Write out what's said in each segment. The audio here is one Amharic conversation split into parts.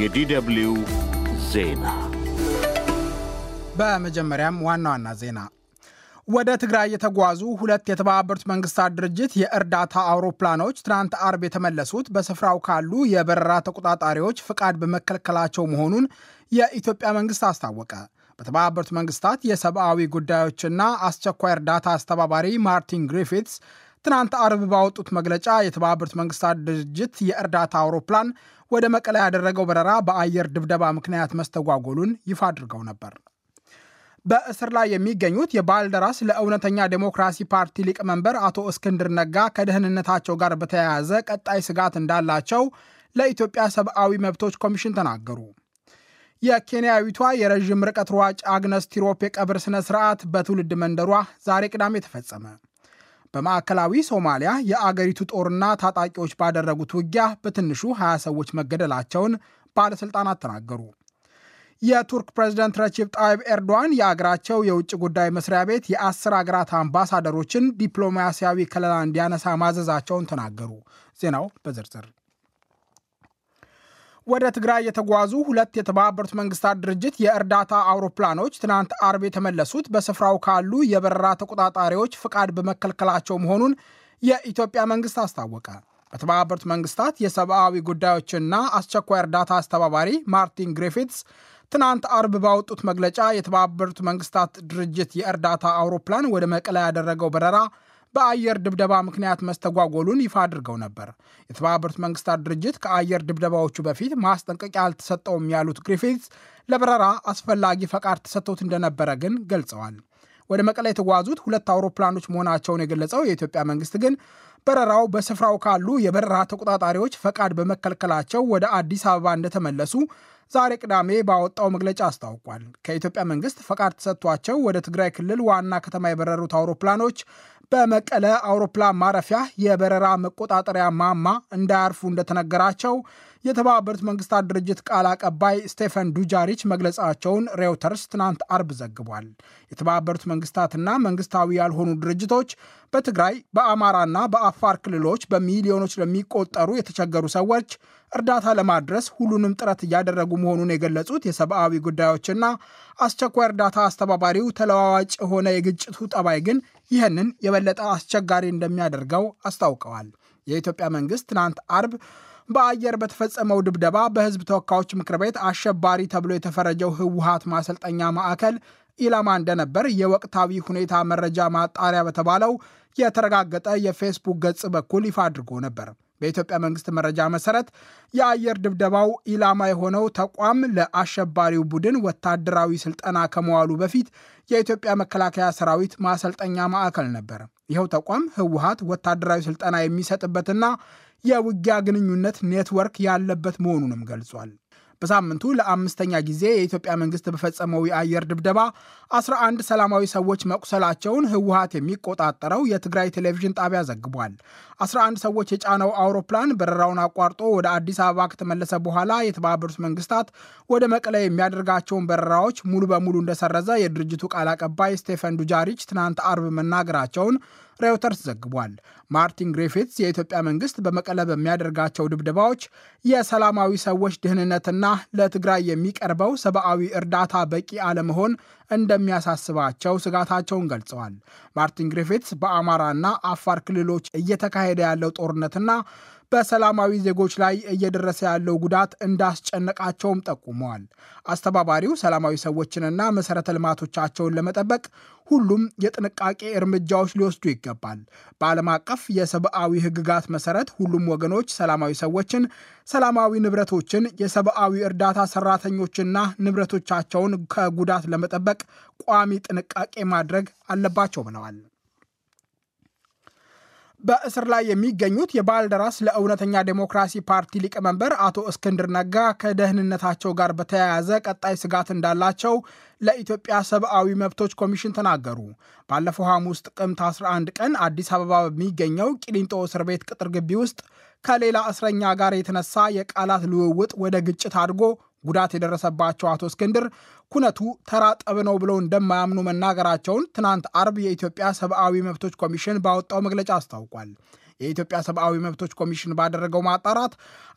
የዲደብልዩ ዜና። በመጀመሪያም ዋና ዋና ዜና ወደ ትግራይ የተጓዙ ሁለት የተባበሩት መንግስታት ድርጅት የእርዳታ አውሮፕላኖች ትናንት አርብ የተመለሱት በስፍራው ካሉ የበረራ ተቆጣጣሪዎች ፍቃድ በመከልከላቸው መሆኑን የኢትዮጵያ መንግስት አስታወቀ። በተባበሩት መንግስታት የሰብአዊ ጉዳዮችና አስቸኳይ እርዳታ አስተባባሪ ማርቲን ግሪፊትስ ትናንት አርብ ባወጡት መግለጫ የተባበሩት መንግስታት ድርጅት የእርዳታ አውሮፕላን ወደ መቀለ ያደረገው በረራ በአየር ድብደባ ምክንያት መስተጓጎሉን ይፋ አድርገው ነበር። በእስር ላይ የሚገኙት የባልደራስ ለእውነተኛ ዴሞክራሲ ፓርቲ ሊቀመንበር አቶ እስክንድር ነጋ ከደህንነታቸው ጋር በተያያዘ ቀጣይ ስጋት እንዳላቸው ለኢትዮጵያ ሰብአዊ መብቶች ኮሚሽን ተናገሩ። የኬንያዊቷ የረዥም ርቀት ሯጭ አግነስ ቲሮፕ የቀብር ስነ ስርዓት በትውልድ መንደሯ ዛሬ ቅዳሜ ተፈጸመ። በማዕከላዊ ሶማሊያ የአገሪቱ ጦርና ታጣቂዎች ባደረጉት ውጊያ በትንሹ 20 ሰዎች መገደላቸውን ባለሥልጣናት ተናገሩ። የቱርክ ፕሬዝደንት ረቺፕ ጣይብ ኤርዶዋን የአገራቸው የውጭ ጉዳይ መስሪያ ቤት የአስር አገራት አምባሳደሮችን ዲፕሎማሲያዊ ከለላ እንዲያነሳ ማዘዛቸውን ተናገሩ። ዜናው በዝርዝር ወደ ትግራይ የተጓዙ ሁለት የተባበሩት መንግስታት ድርጅት የእርዳታ አውሮፕላኖች ትናንት አርብ የተመለሱት በስፍራው ካሉ የበረራ ተቆጣጣሪዎች ፍቃድ በመከልከላቸው መሆኑን የኢትዮጵያ መንግስት አስታወቀ። በተባበሩት መንግስታት የሰብአዊ ጉዳዮችና አስቸኳይ እርዳታ አስተባባሪ ማርቲን ግሪፊትስ ትናንት አርብ ባወጡት መግለጫ የተባበሩት መንግስታት ድርጅት የእርዳታ አውሮፕላን ወደ መቀለ ያደረገው በረራ በአየር ድብደባ ምክንያት መስተጓጎሉን ይፋ አድርገው ነበር። የተባበሩት መንግስታት ድርጅት ከአየር ድብደባዎቹ በፊት ማስጠንቀቂያ አልተሰጠውም ያሉት ግሪፊትስ ለበረራ አስፈላጊ ፈቃድ ተሰጥቶት እንደነበረ ግን ገልጸዋል። ወደ መቀለ የተጓዙት ሁለት አውሮፕላኖች መሆናቸውን የገለጸው የኢትዮጵያ መንግስት ግን በረራው በስፍራው ካሉ የበረራ ተቆጣጣሪዎች ፈቃድ በመከልከላቸው ወደ አዲስ አበባ እንደተመለሱ ዛሬ ቅዳሜ ባወጣው መግለጫ አስታውቋል። ከኢትዮጵያ መንግስት ፈቃድ ተሰጥቷቸው ወደ ትግራይ ክልል ዋና ከተማ የበረሩት አውሮፕላኖች በመቀለ አውሮፕላን ማረፊያ የበረራ መቆጣጠሪያ ማማ እንዳያርፉ እንደተነገራቸው የተባበሩት መንግስታት ድርጅት ቃል አቀባይ ስቴፈን ዱጃሪች መግለጻቸውን ሬውተርስ ትናንት አርብ ዘግቧል። የተባበሩት መንግስታትና መንግስታዊ ያልሆኑ ድርጅቶች በትግራይ በአማራና በአፋር ክልሎች በሚሊዮኖች ለሚቆጠሩ የተቸገሩ ሰዎች እርዳታ ለማድረስ ሁሉንም ጥረት እያደረጉ መሆኑን የገለጹት የሰብአዊ ጉዳዮችና አስቸኳይ እርዳታ አስተባባሪው ተለዋዋጭ የሆነ የግጭቱ ጠባይ ግን ይህንን የበለጠ አስቸጋሪ እንደሚያደርገው አስታውቀዋል። የኢትዮጵያ መንግስት ትናንት አርብ በአየር በተፈጸመው ድብደባ በህዝብ ተወካዮች ምክር ቤት አሸባሪ ተብሎ የተፈረጀው ህወሀት ማሰልጠኛ ማዕከል ኢላማ እንደነበር የወቅታዊ ሁኔታ መረጃ ማጣሪያ በተባለው የተረጋገጠ የፌስቡክ ገጽ በኩል ይፋ አድርጎ ነበር። በኢትዮጵያ መንግስት መረጃ መሰረት የአየር ድብደባው ኢላማ የሆነው ተቋም ለአሸባሪው ቡድን ወታደራዊ ስልጠና ከመዋሉ በፊት የኢትዮጵያ መከላከያ ሰራዊት ማሰልጠኛ ማዕከል ነበር። ይኸው ተቋም ህወሀት ወታደራዊ ስልጠና የሚሰጥበትና የውጊያ ግንኙነት ኔትወርክ ያለበት መሆኑንም ገልጿል። በሳምንቱ ለአምስተኛ ጊዜ የኢትዮጵያ መንግስት በፈጸመው የአየር ድብደባ 11 ሰላማዊ ሰዎች መቁሰላቸውን ህወሀት የሚቆጣጠረው የትግራይ ቴሌቪዥን ጣቢያ ዘግቧል። 11 ሰዎች የጫነው አውሮፕላን በረራውን አቋርጦ ወደ አዲስ አበባ ከተመለሰ በኋላ የተባበሩት መንግስታት ወደ መቀለ የሚያደርጋቸውን በረራዎች ሙሉ በሙሉ እንደሰረዘ የድርጅቱ ቃል አቀባይ ስቴፈን ዱጃሪች ትናንት አርብ መናገራቸውን ሬውተርስ ዘግቧል። ማርቲን ግሪፊትስ የኢትዮጵያ መንግስት በመቀለ በሚያደርጋቸው ድብደባዎች የሰላማዊ ሰዎች ደህንነትና ለትግራይ የሚቀርበው ሰብአዊ እርዳታ በቂ አለመሆን እንደሚያሳስባቸው ስጋታቸውን ገልጸዋል። ማርቲን ግሪፊትስ በአማራና አፋር ክልሎች እየተካሄደ ያለው ጦርነትና በሰላማዊ ዜጎች ላይ እየደረሰ ያለው ጉዳት እንዳስጨነቃቸውም ጠቁመዋል። አስተባባሪው ሰላማዊ ሰዎችንና መሰረተ ልማቶቻቸውን ለመጠበቅ ሁሉም የጥንቃቄ እርምጃዎች ሊወስዱ ይገባል። በዓለም አቀፍ የሰብአዊ ሕግጋት መሰረት ሁሉም ወገኖች ሰላማዊ ሰዎችን፣ ሰላማዊ ንብረቶችን፣ የሰብአዊ እርዳታ ሰራተኞችና ንብረቶቻቸውን ከጉዳት ለመጠበቅ ቋሚ ጥንቃቄ ማድረግ አለባቸው ብለዋል። በእስር ላይ የሚገኙት የባልደራስ ለእውነተኛ ዴሞክራሲ ፓርቲ ሊቀመንበር አቶ እስክንድር ነጋ ከደህንነታቸው ጋር በተያያዘ ቀጣይ ስጋት እንዳላቸው ለኢትዮጵያ ሰብአዊ መብቶች ኮሚሽን ተናገሩ። ባለፈው ሐሙስ ጥቅምት 11 ቀን አዲስ አበባ በሚገኘው ቂሊንጦ እስር ቤት ቅጥር ግቢ ውስጥ ከሌላ እስረኛ ጋር የተነሳ የቃላት ልውውጥ ወደ ግጭት አድጎ ጉዳት የደረሰባቸው አቶ እስክንድር ኩነቱ ተራጠብ ነው ብለው እንደማያምኑ መናገራቸውን ትናንት አርብ የኢትዮጵያ ሰብአዊ መብቶች ኮሚሽን ባወጣው መግለጫ አስታውቋል። የኢትዮጵያ ሰብአዊ መብቶች ኮሚሽን ባደረገው ማጣራት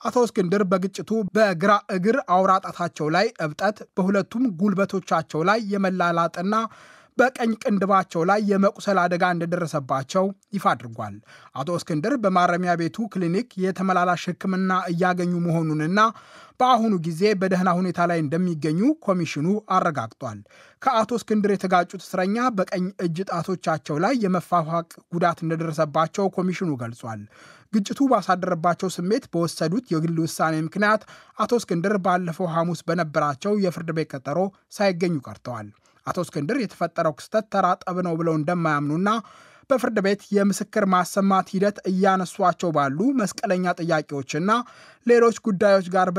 አቶ እስክንድር በግጭቱ በግራ እግር አውራ ጣታቸው ላይ እብጠት፣ በሁለቱም ጉልበቶቻቸው ላይ የመላላጥና በቀኝ ቅንድባቸው ላይ የመቁሰል አደጋ እንደደረሰባቸው ይፋ አድርጓል። አቶ እስክንድር በማረሚያ ቤቱ ክሊኒክ የተመላላሽ ሕክምና እያገኙ መሆኑንና በአሁኑ ጊዜ በደህና ሁኔታ ላይ እንደሚገኙ ኮሚሽኑ አረጋግጧል። ከአቶ እስክንድር የተጋጩት እስረኛ በቀኝ እጅ ጣቶቻቸው ላይ የመፋፋቅ ጉዳት እንደደረሰባቸው ኮሚሽኑ ገልጿል። ግጭቱ ባሳደረባቸው ስሜት በወሰዱት የግል ውሳኔ ምክንያት አቶ እስክንድር ባለፈው ሐሙስ በነበራቸው የፍርድ ቤት ቀጠሮ ሳይገኙ ቀርተዋል። አቶ እስክንድር የተፈጠረው ክስተት ተራ ጠብ ነው ብለው እንደማያምኑና በፍርድ ቤት የምስክር ማሰማት ሂደት እያነሷቸው ባሉ መስቀለኛ ጥያቄዎችና ሌሎች ጉዳዮች ጋር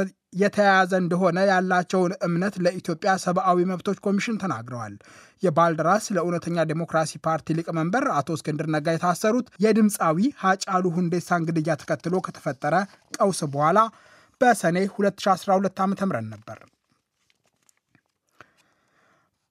የተያያዘ እንደሆነ ያላቸውን እምነት ለኢትዮጵያ ሰብአዊ መብቶች ኮሚሽን ተናግረዋል። የባልደራስ ለእውነተኛ ዴሞክራሲ ፓርቲ ሊቀመንበር አቶ እስክንድር ነጋ የታሰሩት የድምፃዊ ሀጫሉ ሁንዴሳን ግድያ ተከትሎ ከተፈጠረ ቀውስ በኋላ በሰኔ 2012 ዓ.ም ነበር።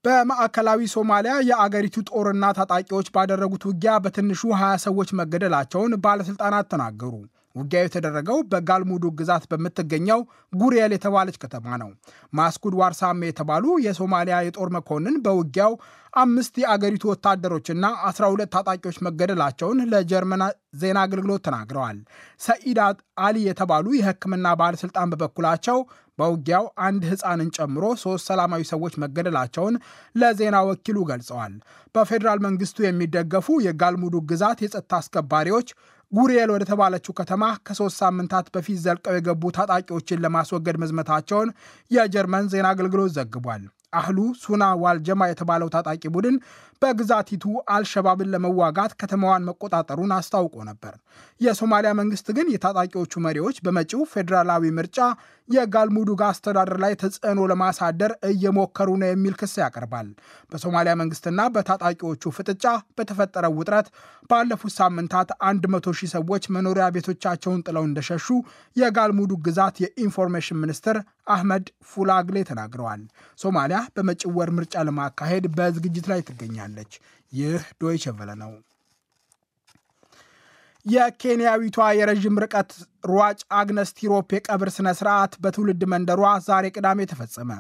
በማዕከላዊ ሶማሊያ የአገሪቱ ጦርና ታጣቂዎች ባደረጉት ውጊያ በትንሹ 20 ሰዎች መገደላቸውን ባለሥልጣናት ተናገሩ። ውጊያው የተደረገው በጋልሙዱ ግዛት በምትገኘው ጉሪየል የተባለች ከተማ ነው። ማስኩድ ዋርሳሜ የተባሉ የሶማሊያ የጦር መኮንን በውጊያው አምስት የአገሪቱ ወታደሮችና 12 ታጣቂዎች መገደላቸውን ለጀርመን ዜና አገልግሎት ተናግረዋል። ሰኢድ አሊ የተባሉ የሕክምና ባለሥልጣን በበኩላቸው በውጊያው አንድ ሕፃንን ጨምሮ ሶስት ሰላማዊ ሰዎች መገደላቸውን ለዜና ወኪሉ ገልጸዋል። በፌዴራል መንግስቱ የሚደገፉ የጋልሙዱ ግዛት የጸጥታ አስከባሪዎች ጉሪኤል ወደተባለችው ከተማ ከሶስት ሳምንታት በፊት ዘልቀው የገቡ ታጣቂዎችን ለማስወገድ መዝመታቸውን የጀርመን ዜና አገልግሎት ዘግቧል። አህሉ ሱና ዋልጀማ የተባለው ታጣቂ ቡድን በግዛቲቱ አልሸባብን ለመዋጋት ከተማዋን መቆጣጠሩን አስታውቆ ነበር። የሶማሊያ መንግስት ግን የታጣቂዎቹ መሪዎች በመጪው ፌዴራላዊ ምርጫ የጋልሙዱጋ አስተዳደር ላይ ተጽዕኖ ለማሳደር እየሞከሩ ነው የሚል ክስ ያቀርባል። በሶማሊያ መንግስትና በታጣቂዎቹ ፍጥጫ በተፈጠረው ውጥረት ባለፉት ሳምንታት 100 ሺህ ሰዎች መኖሪያ ቤቶቻቸውን ጥለው እንደሸሹ የጋልሙዱግ ግዛት የኢንፎርሜሽን ሚኒስትር አህመድ ፉላግሌ ተናግረዋል። ሶማሊያ በመጪው ወር ምርጫ ለማካሄድ በዝግጅት ላይ ትገኛለች። ይህ ዶይቸ ነው። የኬንያዊቷ የረዥም ርቀት ሯጭ አግነስ ቲሮፕ የቀብር ስነ ስርዓት በትውልድ መንደሯ ዛሬ ቅዳሜ ተፈጸመ።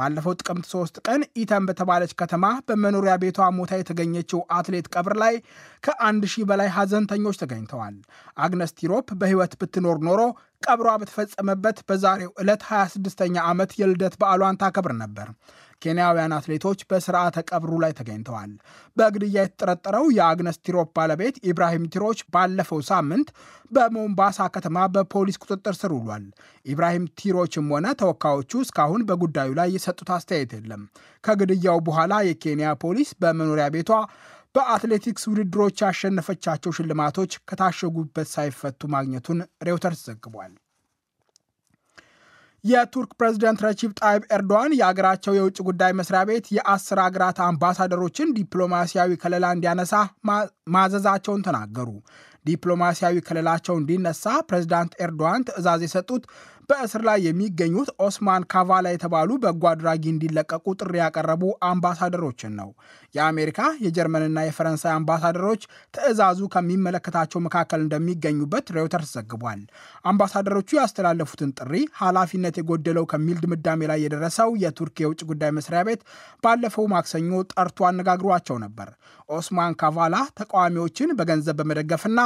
ባለፈው ጥቅምት ሶስት ቀን ኢተን በተባለች ከተማ በመኖሪያ ቤቷ ሞታ የተገኘችው አትሌት ቀብር ላይ ከአንድ ሺህ በላይ ሀዘንተኞች ተገኝተዋል። አግነስ ቲሮፕ በሕይወት ብትኖር ኖሮ ቀብሯ በተፈጸመበት በዛሬው ዕለት 26ኛ ዓመት የልደት በዓሏን ታከብር ነበር። ኬንያውያን አትሌቶች በስርዓተ ቀብሩ ላይ ተገኝተዋል። በግድያ የተጠረጠረው የአግነስ ቲሮፕ ባለቤት ኢብራሂም ቲሮች ባለፈው ሳምንት በሞምባሳ ከተማ በፖሊስ ቁጥጥር ስር ውሏል። ኢብራሂም ቲሮችም ሆነ ተወካዮቹ እስካሁን በጉዳዩ ላይ የሰጡት አስተያየት የለም። ከግድያው በኋላ የኬንያ ፖሊስ በመኖሪያ ቤቷ በአትሌቲክስ ውድድሮች ያሸነፈቻቸው ሽልማቶች ከታሸጉበት ሳይፈቱ ማግኘቱን ሬውተርስ ዘግቧል። የቱርክ ፕሬዚደንት ረቺብ ጣይብ ኤርዶዋን የአገራቸው የውጭ ጉዳይ መስሪያ ቤት የአስር አገራት አምባሳደሮችን ዲፕሎማሲያዊ ከለላ እንዲያነሳ ማዘዛቸውን ተናገሩ። ዲፕሎማሲያዊ ከለላቸው እንዲነሳ ፕሬዝዳንት ኤርዶዋን ትዕዛዝ የሰጡት በእስር ላይ የሚገኙት ኦስማን ካቫላ የተባሉ በጎ አድራጊ እንዲለቀቁ ጥሪ ያቀረቡ አምባሳደሮችን ነው። የአሜሪካ የጀርመንና የፈረንሳይ አምባሳደሮች ትዕዛዙ ከሚመለከታቸው መካከል እንደሚገኙበት ሬውተርስ ዘግቧል። አምባሳደሮቹ ያስተላለፉትን ጥሪ ኃላፊነት የጎደለው ከሚል ድምዳሜ ላይ የደረሰው የቱርክ የውጭ ጉዳይ መስሪያ ቤት ባለፈው ማክሰኞ ጠርቶ አነጋግሯቸው ነበር። ኦስማን ካቫላ ተቃዋሚዎችን በገንዘብ በመደገፍና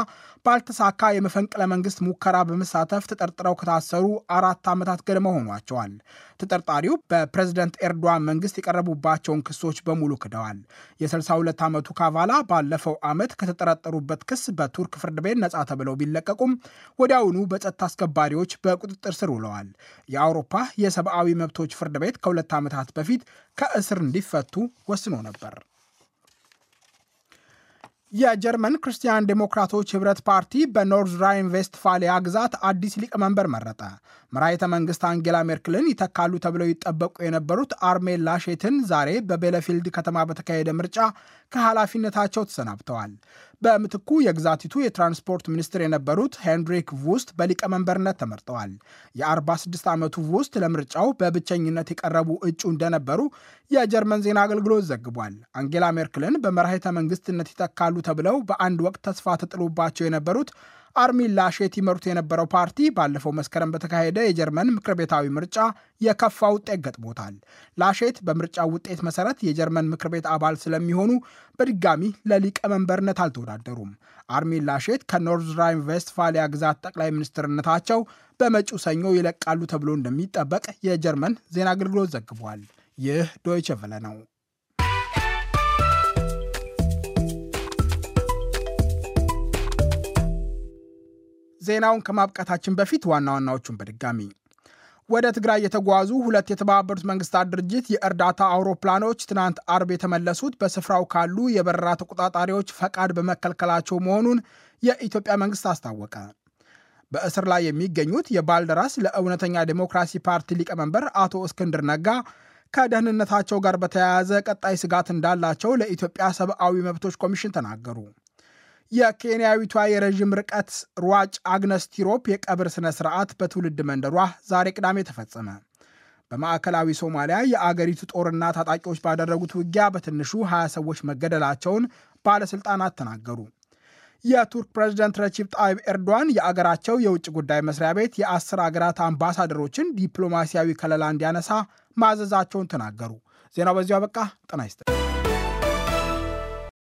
ባልተሳካ የመፈንቅለ መንግስት ሙከራ በመሳተፍ ተጠርጥረው ከታሰሩ አራት ዓመታት ገደማ ሆኗቸዋል። ተጠርጣሪው በፕሬዝደንት ኤርዶዋን መንግስት የቀረቡባቸውን ክሶች በሙሉ ክደዋል። የ62 ዓመቱ ካቫላ ባለፈው ዓመት ከተጠረጠሩበት ክስ በቱርክ ፍርድ ቤት ነጻ ተብለው ቢለቀቁም ወዲያውኑ በጸጥታ አስከባሪዎች በቁጥጥር ስር ውለዋል። የአውሮፓ የሰብአዊ መብቶች ፍርድ ቤት ከሁለት ዓመታት በፊት ከእስር እንዲፈቱ ወስኖ ነበር። የጀርመን ክርስቲያን ዴሞክራቶች ህብረት ፓርቲ በኖርዝ ራይን ቬስትፋሊያ ግዛት አዲስ ሊቀመንበር መረጠ። መራይተ መንግስት አንጌላ ሜርክልን ይተካሉ ተብለው ይጠበቁ የነበሩት አርሜን ላሼትን ዛሬ በቤለፊልድ ከተማ በተካሄደ ምርጫ ከኃላፊነታቸው ተሰናብተዋል። በምትኩ የግዛቲቱ የትራንስፖርት ሚኒስትር የነበሩት ሄንድሪክ ቮስት በሊቀመንበርነት ተመርጠዋል። የ46 ዓመቱ ቮስት ለምርጫው በብቸኝነት የቀረቡ እጩ እንደነበሩ የጀርመን ዜና አገልግሎት ዘግቧል። አንጌላ ሜርክልን በመራሒተ መንግስትነት ይተካሉ ተብለው በአንድ ወቅት ተስፋ ተጥሎባቸው የነበሩት አርሚን ላሼት ይመሩት የነበረው ፓርቲ ባለፈው መስከረም በተካሄደ የጀርመን ምክር ቤታዊ ምርጫ የከፋ ውጤት ገጥሞታል። ላሼት በምርጫው ውጤት መሰረት የጀርመን ምክር ቤት አባል ስለሚሆኑ በድጋሚ ለሊቀመንበርነት አልተወዳደሩም። አርሚን ላሼት ከኖርዝራይን ቬስትፋሊያ ግዛት ጠቅላይ ሚኒስትርነታቸው በመጪው ሰኞ ይለቃሉ ተብሎ እንደሚጠበቅ የጀርመን ዜና አገልግሎት ዘግቧል። ይህ ዶይቸ ቨለ ነው። ዜናውን ከማብቃታችን በፊት ዋና ዋናዎቹን በድጋሚ ወደ ትግራይ የተጓዙ ሁለት የተባበሩት መንግስታት ድርጅት የእርዳታ አውሮፕላኖች ትናንት አርብ የተመለሱት በስፍራው ካሉ የበረራ ተቆጣጣሪዎች ፈቃድ በመከልከላቸው መሆኑን የኢትዮጵያ መንግስት አስታወቀ። በእስር ላይ የሚገኙት የባልደራስ ለእውነተኛ ዴሞክራሲ ፓርቲ ሊቀመንበር አቶ እስክንድር ነጋ ከደህንነታቸው ጋር በተያያዘ ቀጣይ ስጋት እንዳላቸው ለኢትዮጵያ ሰብአዊ መብቶች ኮሚሽን ተናገሩ። የኬንያዊቷ የረዥም ርቀት ሯጭ አግነስ ቲሮፕ የቀብር ሥነ ሥርዓት በትውልድ መንደሯ ዛሬ ቅዳሜ ተፈጸመ። በማዕከላዊ ሶማሊያ የአገሪቱ ጦርና ታጣቂዎች ባደረጉት ውጊያ በትንሹ 20 ሰዎች መገደላቸውን ባለሥልጣናት ተናገሩ። የቱርክ ፕሬዝደንት ረቺፕ ጣይብ ኤርዶዋን የአገራቸው የውጭ ጉዳይ መስሪያ ቤት የአስር አገራት አምባሳደሮችን ዲፕሎማሲያዊ ከለላ እንዲያነሳ ማዘዛቸውን ተናገሩ። ዜናው በዚሁ አበቃ። ጤና ይስጥልኝ።